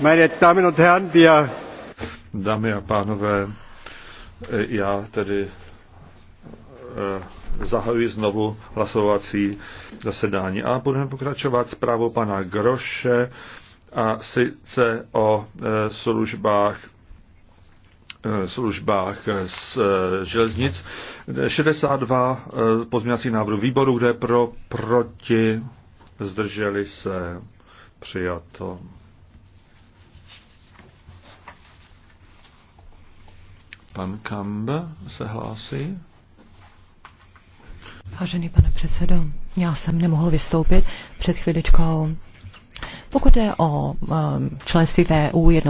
Meine Damen und Herren, wir... Dámy a pánové, já tedy eh, zahajuji znovu hlasovací zasedání a budeme pokračovat zprávou pana Groše a sice o eh, službách eh, službách z železnic. 62 pozměňovacích návrhů výboru, kde pro, proti, zdrželi se, přijato. Pan Kamb se hlásí. Vážený pane předsedo, já jsem nemohl vystoupit před chviličkou. Pokud je o eh, členství v EU, jednou